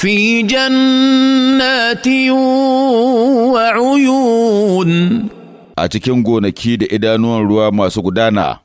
في جنات وعيون a cikin gonaki da idanuwan ruwa masu gudana